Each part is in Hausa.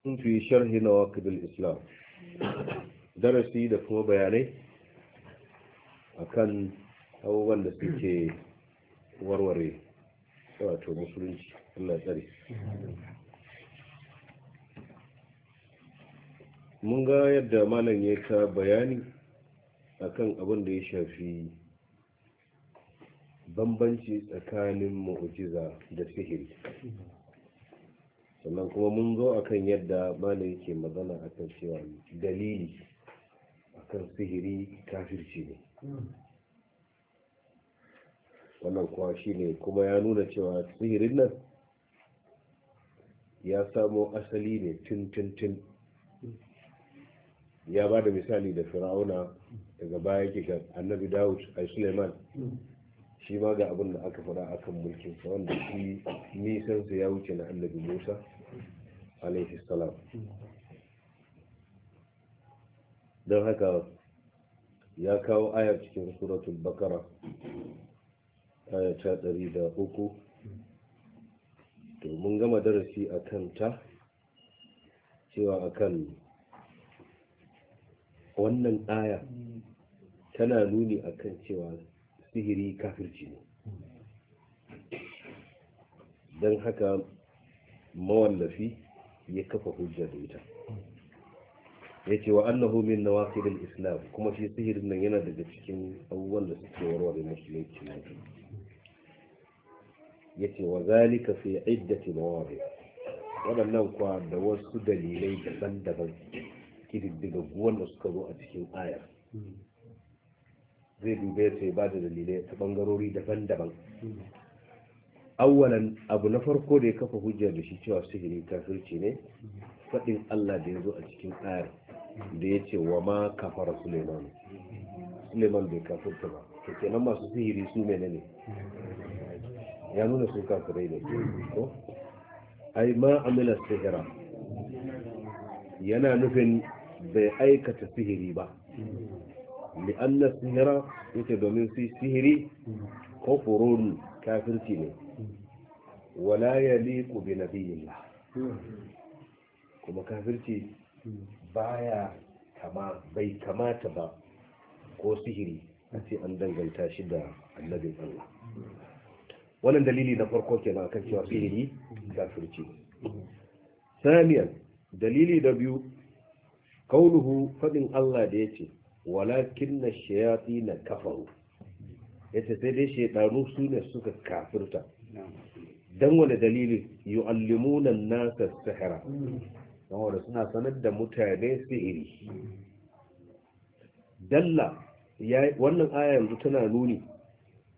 في شرح نواقض islam darasi da kuma bayanai akan abubuwan da suke warware wato musulunci Allah tsari. mun ga yadda malam ya ta bayani akan abin da ya shafi bambanci tsakanin mu'jiza da sihiri sannan kuma mun zo a kan yadda mana yake magana a akan cewa dalili a kan sihiri kafirci ne wannan kuwa shi ne kuma ya nuna cewa sihirin nan ya samo asali ne tun tun tun ya ba da misali da fir'auna daga baya ke ga annabi dawud a suleiman shi ma ga abin da aka faɗa akan mulkin sa wanda shi nisan sa ya wuce na annabi Musa alaihi salam don haka ya kawo ayar cikin suratul bakara ayata dari da uku to mun gama darasi a kanta cewa akan wannan aya tana nuni akan cewa sihiri kafirci ne don haka mawallafi ya kafa hujja da ita ya ce wa annahu min nawaqidil islam kuma shi sihirin nan yana daga cikin abubuwan da suke warware musulunci ne ya ce wa zalika fi iddati mawari waɗannan kwa da wasu dalilai daban-daban kididdigaggu da suka zo a cikin ayar zai dube su ya bada dalilai ta bangarori daban-daban awalan abu na farko da ya kafa hujja da shi cewa sihiri kafirci ne faɗin Allah da ya zo a cikin ayar da ya ce wa ma kafara Suleiman Suleiman bai kafirta ba kake nan masu sihiri su ne ya nuna su kafirai ne ko ai ma amila sihira yana nufin bai aikata sihiri ba li'anna sihira yake domin su sihiri kufurun kafirci ne wala yaliqu bi nabiyillah kuma kafirci baya kama bai kamata ba ko sihiri a ce an danganta shi da annabin Allah wannan dalili na farko kenan akan cewa sihiri kafirci saniyan dalili da biyu kauluhu fadin Allah da yace walakin na shayafi na kafaru ya ce sai dai su ne suka kafirta don wani dalili allimunan nasa sahara don wani suna sanar da mutane sihiri dalla wannan aya yanzu tana nuni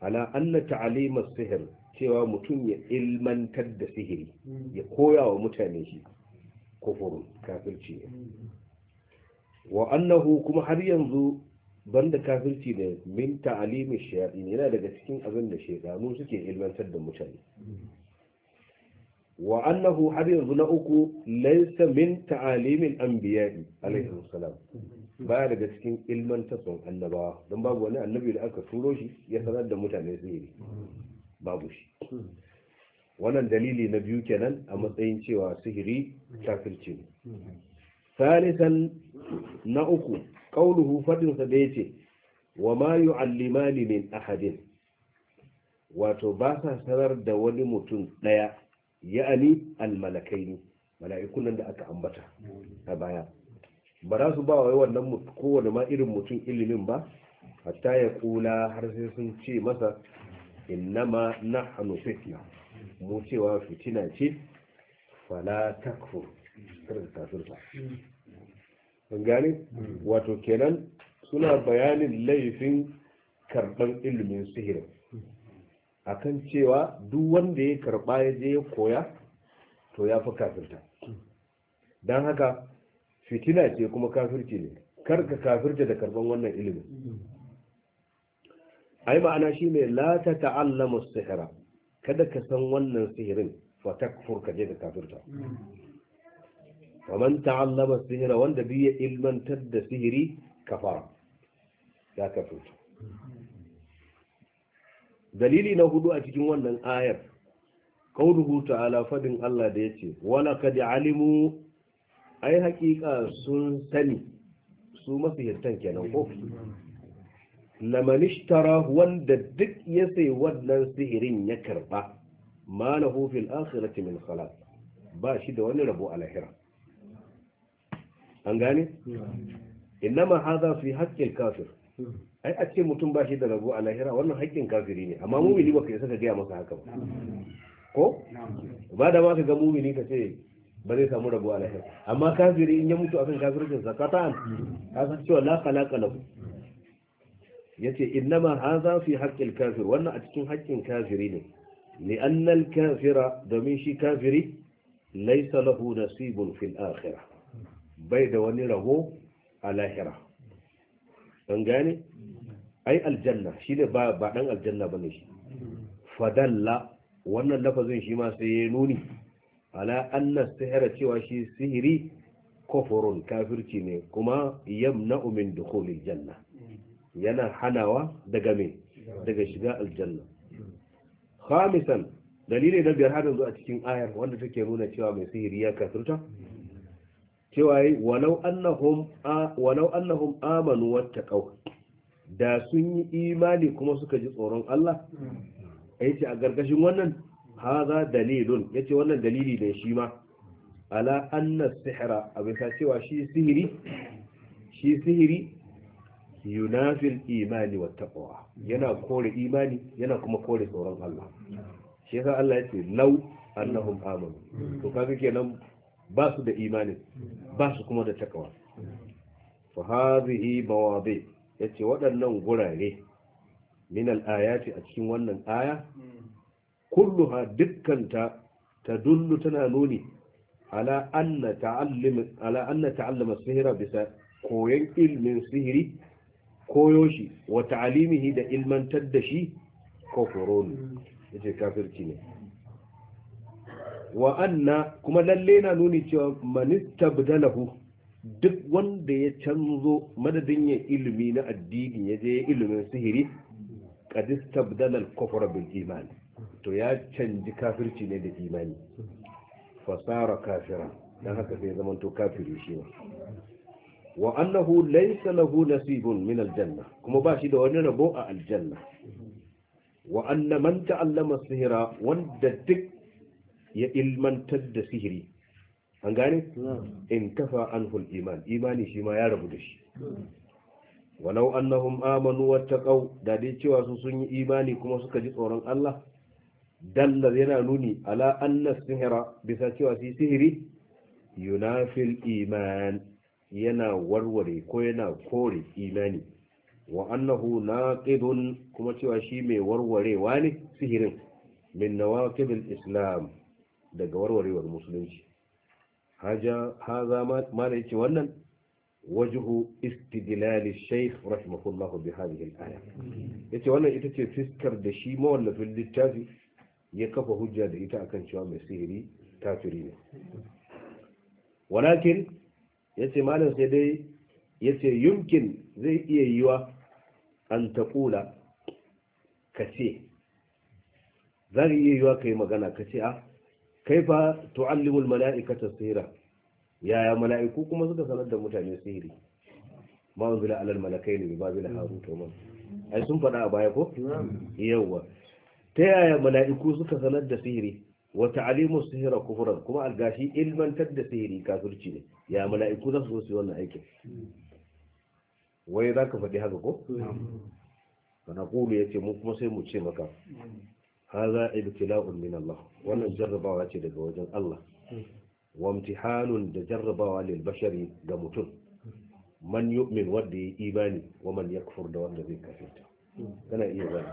ala anna ta'alimar sihir cewa mutum ya ilmantar da sihiri ya koya wa mutane shi kufurun kafirci mm-hmm. wa annahu kuma har yanzu banda kafirci da min ta'alimin shayatin yana daga cikin abin da shaytanu suke ilmantar da mutane wa annahu har yanzu na uku laysa min ta'alimin anbiya'i alayhi salam baya daga cikin ilmantar son annabawa don babu wani annabi da aka turo shi ya sanar da mutane tsiri babu shi wannan dalili na biyu kenan a matsayin cewa sihiri kafirci ne salisan na uku ƙauluhu faɗinsa da yace wa ma yu'allimani min ahadin wato ba sa sanar da wani mutum ɗaya, ya'ani almalakaini mala'iku nan da aka ambata a baya ba za su ba wa wannan kowane ma irin mutum ilimin ba hatta ya kula har sai sun ce masa innama nahnu fitna mu cewa fitina ce fala takfur an hmm. wato kenan suna bayanin laifin karɓar ilimin sihirin hmm. akan cewa duk wanda ya karɓa ya je ya koya to ya fi kafirta hmm. don haka fitina ce kuma kafirci ne kar ka kafirta da karɓar wannan ilimin ai ma'ana shi ne la ta ta'allama sihira kada ka san wannan sihirin fa takfur ka je da kafirta wa man ta'allama sihira wanda biyu ya ilmantar da sihiri kafara ya kafirta dalili na hudu a cikin wannan ayar kauluhu ta'ala fadin Allah da yace wala kad alimu ai haƙiƙa sun sani su masihirtan kenan ko lamanishtara wanda duk ya sai wannan sihirin ya karba mana lahu fil akhirati min kala, bashi da wani rabo a lahira an gane innama haza fi haqqil kafir ai a ce mutum ba shi da rabu a lahira wannan haƙƙin kafiri ne amma mumini baka isa ka gaya masa haka ba ko ba da ma ka ga mumini ka ce ba zai samu rabu a lahira amma kafiri in ya mutu akan kafirin sa ka ta'an ka san cewa la khalaqa lahu yace innama hadha fi haqqil kafir wannan a cikin haƙƙin kafiri ne li annal kafira domin shi kafiri laysa lahu nasibun fil akhirah bai da wani rabo a lahira an gane ai aljanna shi ne ba dan aljanna bane shi fadalla wannan lafazin shi ma sai ya nuni ala anna sihira cewa shi sihiri kofurun kafirci ne kuma yamna'u min dukhulil janna yana hanawa daga me daga shiga aljanna khamisan dalili na biyar har yanzu a cikin ayar wanda take nuna cewa mai sihiri ya kafirta cewa walau annahum amanu wattaqaw da sun yi imani kuma suka ji tsoron Allah yace a gargashin wannan haza dalilun yace wannan dalili ne shi ma ala anna sihra abisa cewa shi sihiri shi sihiri imani yana kore imani yana kuma kore tsoron Allah shi yasa Allah yace law annahum amanu to kaga kenan ba su da imanin ba su kuma da takawa fa hadhihi mawadi yace waɗannan gurare min al-ayati a cikin wannan aya kulluha dukkanta tadullu tana nuni ala anna ta'allum ala anna sihra bisa koyon ilmin sihiri koyo shi wa ta'alimihi da ilmantar da shi kofuroni yace kafirci ne wa anna kuma lalle na nuni cewa manista badalahu duk wanda ya canzo madadin ya ilimi na addini ya je ilimin sihiri kadista badalal kofar bil to ya canji kafirci ne da imani fasara kafira don haka sai zaman to kafiri shi ne wa annahu laysa lahu nasibun min aljanna kuma ba shi da wani rabo a aljanna wa anna man ta'allama sihira wanda duk ya ilmantar da sihiri an gane in kafa anhul iman imani shi ma ya rabu da shi walau annahum amanu wattaqau da dai cewa su sun yi imani kuma suka ji tsoron Allah dalla yana nuni ala anna sihira bisa cewa shi sihiri yunafil iman yana warware ko yana kore imani wa annahu naqidun kuma cewa shi mai warwarewa ne sihirin min al islam daga warwarewar musulunci haza mala yace wannan wajhu istidlal shaykh rahimahullahu bi hadhihi al-aya yace wannan ita ce fiskar da shi mawallafin littafi ya kafa hujja da ita akan cewa mai sihiri kafiri ne walakin yace malam sai dai yace yumkin zai iya yiwa an taqula kace zai iya yiwa kai magana kace a ah, kaifa tu'allimul mala'ikata sihra ya mala'iku kuma suka sanar da mutane sihiri ma unzila alal ba bi Haru harut wa ai sun fada a baya ko yawa ta yaya mala'iku suka sanar da sihiri wa ta'alimu sihra kufran kuma algashi ilmantar da sihiri kafirci ne ya mala'iku za su zo su wannan aikin wai za ka faɗi haka ko kana kulu ya ce mu kuma sai mu ce maka haza ibtila'un min Allah wannan jarrabawa ce daga wajen Allah wa da jarrabawa lil bashari ga mutum man yu'min wanda ya imani wa man yakfur da wanda zai kafirta kana iya zai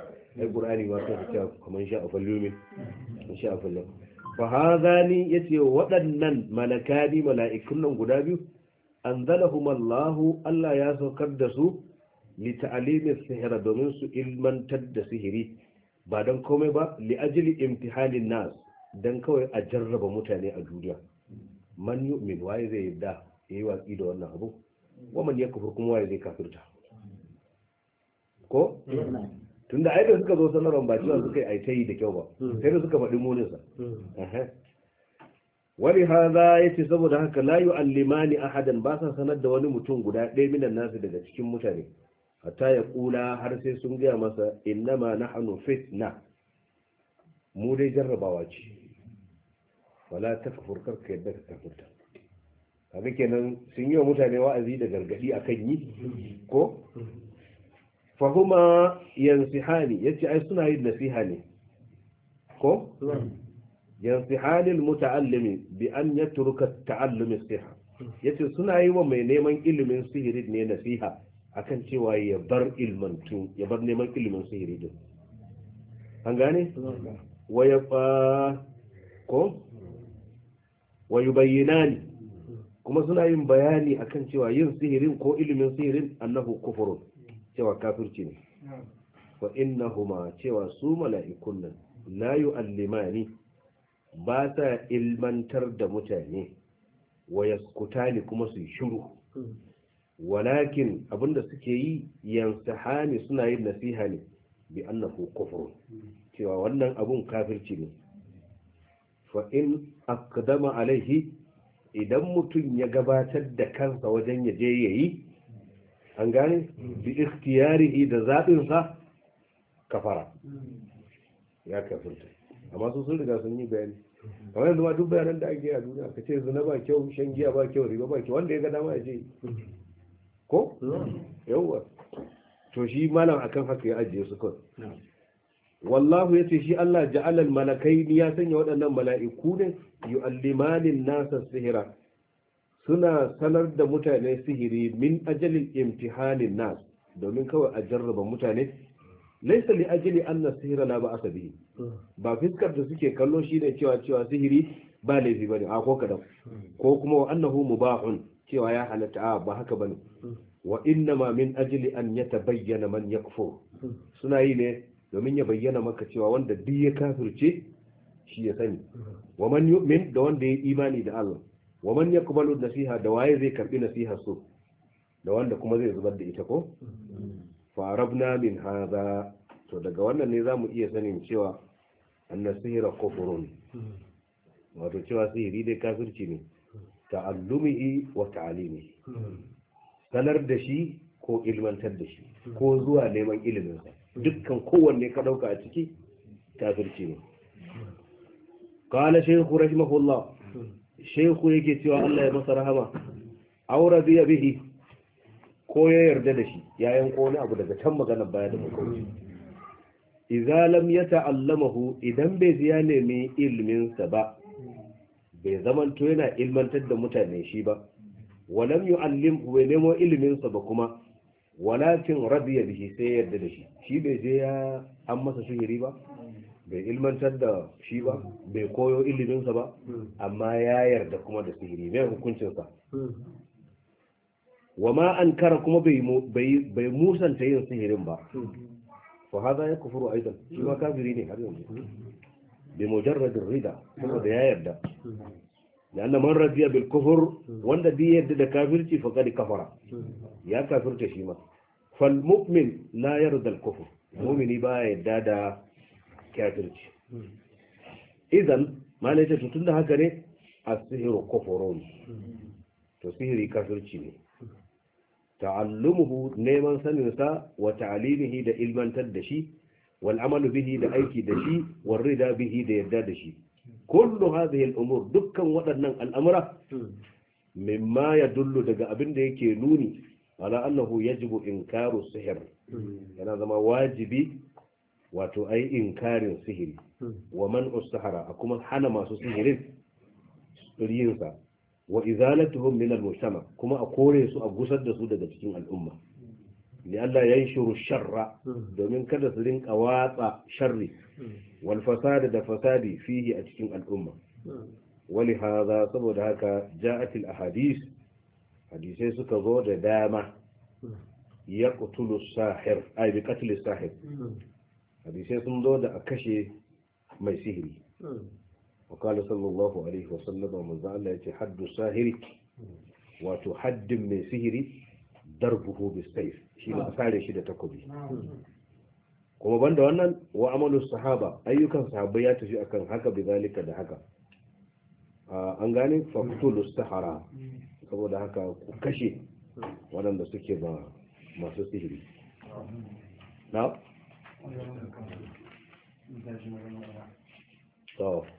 ai qur'ani ma kaman sha afal yumin sha afal fa hadani yace waɗannan malakani mala'ikun guda biyu anzalahum Allah ya saukar da su li ta'limi domin su ilmantar da sihiri ba don komai ba li ajli imtihanin nas don kawai a jarraba mutane a duniya man yu'min waye zai yadda yayi watsi da wannan abu wa man yakfur kuma waye zai kafirta ko tunda ai da suka zo sanarwar ba cewa suka yi aitayi da kyau ba sai da suka faɗi muninsa wani haza ya ce saboda haka layu allimani ahadan ba sa sanar da wani mutum guda ɗaya minan nasu daga cikin mutane hatta ya kula har sai sun gaya masa innama nahnu fitna mu dai jarrabawa ce wala tafkur karka yadda ka kafurta kaga kenan sun yi wa mutane wa'azi da gargadi akan yi ko fahuma yansihani yace ai suna yin nasiha ne ko yansihani almutaallimi bi an yatruka ta'allumi siha yace suna yi wa mai neman ilimin sihiri ne nasiha akan cewa ya bar ilmantu ya bar neman ilimin sihiri din an gane waya fa ko wayubayyinani kuma suna yin bayani akan cewa yin sihirin ko ilimin sihirin annahu kufurun cewa kafirci ne wa innahuma cewa su mala'ikun nan la yu'allimani ba sa ilmantar da mutane wa yaskutani kuma su shiru walakin abinda suke yi yansahani suna yin nasiha ne bi annahu kufrun cewa wannan abun kafirci ne fa in aqdama alaihi idan mutum ya gabatar da kansa wajen ya je yayi an gane bi ikhtiyarihi da zabin sa kafara ya kafirta amma su sun riga sun yi bayani kamar yanzu ma duk bayanan da ake yi a duniya ka ce zina ba kyau shan giya ba kyau riba ba kyau wanda ya ga dama ya je ko yawwa to shi malam akan haka ya ajiye su kawai wallahu ce shi Allah ja'alal malakai ni ya sanya waɗannan mala'iku ne yu'allimanin nasa sihira suna sanar da mutane sihiri min ajalin imtihanin nas domin kawai a jarraba mutane laisa li ajali anna sihira la ba'asa bihi hmm. ba fiskar da suke kallo shi ne cewa cewa sihiri ba laifi bane a ko kadan hmm. ko kuma wa annahu mubahun cewa ya halatta a ba haka bane wa innama min ajli an yatabayyana man yakfur suna yi ne domin ya bayyana maka cewa wanda duk ya kafirce shi ya sani wa man yu'min da wanda ya imani da Allah wa man yaqbalu nasiha da waye zai karbi nasiha su da wanda kuma zai zubar da ita ko farabna min hadha to daga wannan ne zamu iya sanin cewa annasihira kufrun wato cewa sihiri dai kafirci ne ta'allumihi wa ta'alimihi sanar da shi ko ilmantar da shi hmm. ko zuwa neman iliminsa hmm. dukkan kowanne ka ɗauka a ciki kafirci ne Kana hmm. shehu rahimahullah shehu yake cewa Allah ya masa rahama aura biya bihi ko ya yarda da shi ya yanko ne abu daga can maganar baya da makauci idza lam yata'allamahu idan bai ziya nemi ilmin sa ba bai zamanto yana ilmantar da mutane shi ba walam allim bai nemo iliminsa ba kuma walakin radiya bihi sai yarda da shi shi bai je ya an masa sihiri ba bai ilmantar da shi ba bai koyo iliminsa ba amma ya yarda kuma da sihiri mai hukuncinsa wa ma an kara kuma bai musanta yin sihirin ba fa hada ya kufuru aidan shi ma kafiri ne har yanzu bi mujarradin rida kuma da ya yarda da man rabiya bil kufur wanda bi yadda da kafirci faƙa da kafara ya kafirta shi ma fal mu'min yarda al kufur mu'mini ba ya yadda da kafirci idan ma ne ta tutun da haka ne a sihiru kufurun to sihiri kafirci ne Ta ta'allumuhu neman sanin sa wa ta'alimihi da ilmantar da shi wal amalu bihi da aiki da shi war rida bihi da yadda da shi kullu hadhihi al-umur dukkan waɗannan al'amura mimma yadullu daga abin da yake nuni ala annahu yajibu inkaru sihir yana zama wajibi wato ai inkarin sihiri wa man sahara a kuma hana masu sihirin yinsa wa izalatuhum min al-mujtama kuma a kore su a gusar da su daga cikin al'umma ya yi shuru sharra hmm. domin kada su rinka watsa sharri hmm. wal fasadi da fasadi fihi a cikin al'umma hmm. wali haza saboda haka ja'at ahadis hadisai suka zo da dama ya qutulu sahir ay bi qatl sahir hadisai sun zo da a kashe mai sihiri alaihi wa sallam, عليه وسلم من ذا الله يتحد ساهرك وتحد mai sihiri. darbuhu buhu shi da ah. sare shi da takobi ah, ah, kuma banda wannan wa amalu sahaba ayyukan sahabai ya tafi akan haka bizalika da haka an gane hmm. faqtulu sahara hmm. saboda haka ku kashe waɗanda suke ba masu sihiri na hmm.